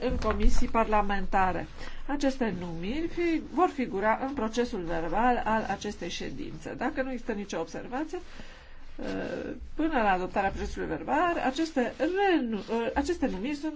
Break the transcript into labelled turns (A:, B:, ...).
A: în comisii parlamentare. Aceste numiri fi, vor figura în procesul verbal al acestei ședințe. Dacă nu există nicio observație, uh, până la adoptarea procesului verbal, aceste, uh, aceste numiri sunt